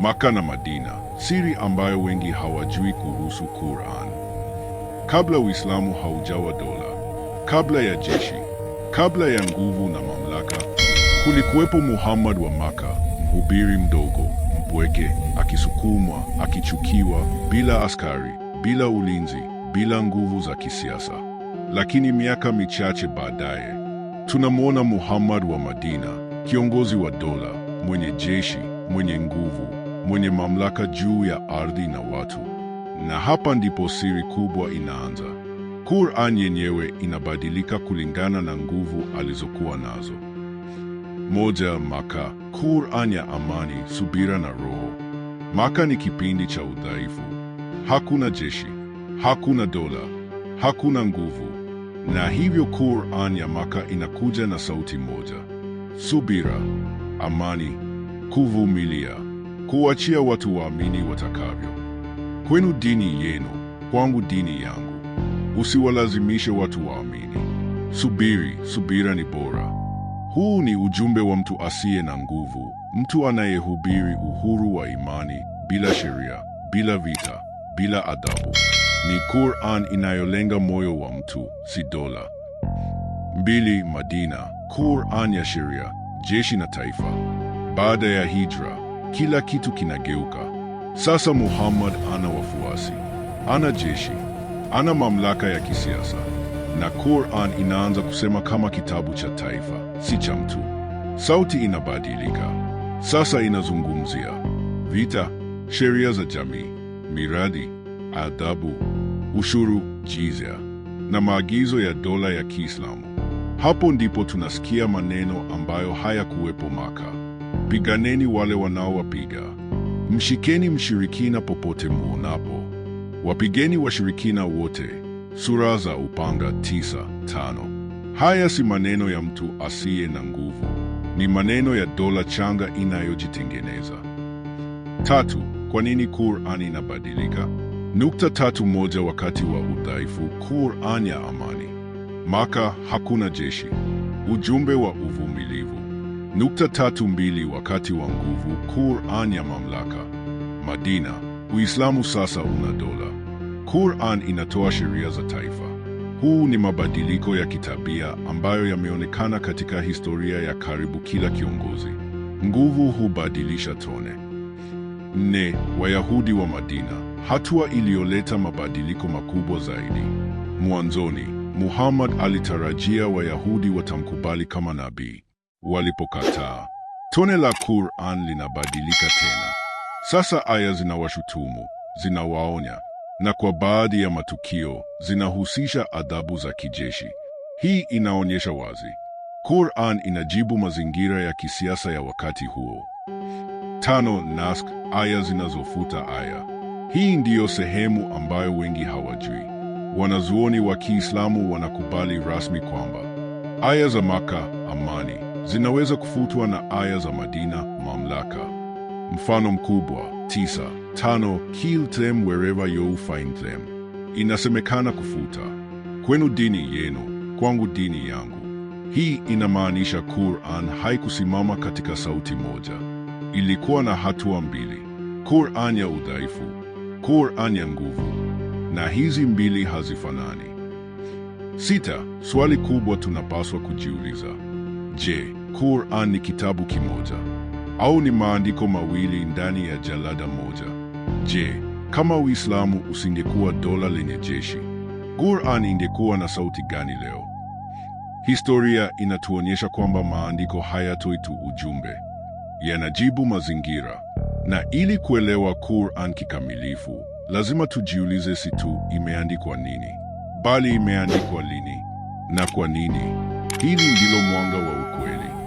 Maka na Madina, siri ambayo wengi hawajui kuhusu Qur'an. Kabla Uislamu haujawa dola, kabla ya jeshi, kabla ya nguvu na mamlaka, kulikuwepo Muhammad wa Maka, mhubiri mdogo, mpweke, akisukumwa, akichukiwa, bila askari, bila ulinzi, bila nguvu za kisiasa. Lakini miaka michache baadaye, tunamwona Muhammad wa Madina, kiongozi wa dola, mwenye jeshi, mwenye nguvu mwenye mamlaka juu ya ardhi na watu. Na hapa ndipo siri kubwa inaanza. Qur'an yenyewe inabadilika kulingana na nguvu alizokuwa nazo. Moja, Maka, Qur'an ya amani, subira na roho. Maka ni kipindi cha udhaifu. Hakuna jeshi, hakuna dola, hakuna nguvu. Na hivyo Qur'an ya Maka inakuja na sauti moja: subira, amani, kuvumilia kuachia watu waamini watakavyo. Kwenu dini yenu, kwangu dini yangu. Usiwalazimishe watu waamini. Subiri, subira ni bora. Huu ni ujumbe wa mtu asiye na nguvu, mtu anayehubiri uhuru wa imani bila sheria, bila vita, bila adabu Ni Qur'an inayolenga moyo wa mtu, si dola. Mbili, Madina, Qur'an ya sheria, jeshi na taifa. Baada ya hijra kila kitu kinageuka. Sasa Muhammad ana wafuasi, ana jeshi, ana mamlaka ya kisiasa, na Qur'an inaanza kusema kama kitabu cha taifa, si cha mtu. Sauti inabadilika sasa, inazungumzia vita, sheria za jamii, miradi, adabu, ushuru, jizya na maagizo ya dola ya Kiislamu. Hapo ndipo tunasikia maneno ambayo hayakuwepo Maka. Piganeni wale wanaowapiga, mshikeni mshirikina popote muonapo, wapigeni washirikina wote. Sura za Upanga tisa tano. Haya si maneno ya mtu asiye na nguvu, ni maneno ya dola changa inayojitengeneza. Tatu, kwa nini qurani inabadilika? Nukta tatu moja, wakati wa udhaifu Qur'an ya amani. Maka hakuna jeshi. Ujumbe wa uvumilivu. Nukta tatu mbili wakati wa nguvu, Qur'an ya mamlaka. Madina, Uislamu sasa una dola. Qur'an inatoa sheria za taifa. Huu ni mabadiliko ya kitabia ambayo yameonekana katika historia ya karibu kila kiongozi. Nguvu hubadilisha tone. Nne, Wayahudi wa Madina, hatua iliyoleta mabadiliko makubwa zaidi. Mwanzoni, Muhammad alitarajia Wayahudi watamkubali kama nabii. Walipokataa, tone la Qur'an linabadilika tena. Sasa aya zinawashutumu, zinawaonya, na kwa baadhi ya matukio zinahusisha adhabu za kijeshi. Hii inaonyesha wazi Qur'an inajibu mazingira ya kisiasa ya wakati huo. Tano, nask aya zinazofuta aya. Hii ndiyo sehemu ambayo wengi hawajui. Wanazuoni wa Kiislamu wanakubali rasmi kwamba aya za Maka, amani zinaweza kufutwa na aya za Madina mamlaka. Mfano mkubwa tisa tano kill them wherever you find them, inasemekana kufuta kwenu dini yenu, kwangu dini yangu. Hii inamaanisha Qur'an haikusimama katika sauti moja, ilikuwa na hatua mbili: Qur'an ya udhaifu, Qur'an ya nguvu, na hizi mbili hazifanani. Sita, swali kubwa tunapaswa kujiuliza Je, Qur'an ni kitabu kimoja au ni maandiko mawili ndani ya jalada moja? Je, kama Uislamu usingekuwa dola lenye jeshi, Qur'an ingekuwa na sauti gani leo? Historia inatuonyesha kwamba maandiko hayatoi tu ujumbe, yanajibu mazingira. Na ili kuelewa Qur'an kikamilifu, lazima tujiulize si tu imeandikwa nini, bali imeandikwa lini na kwa nini. Hili ndilo mwanga wa ukweli.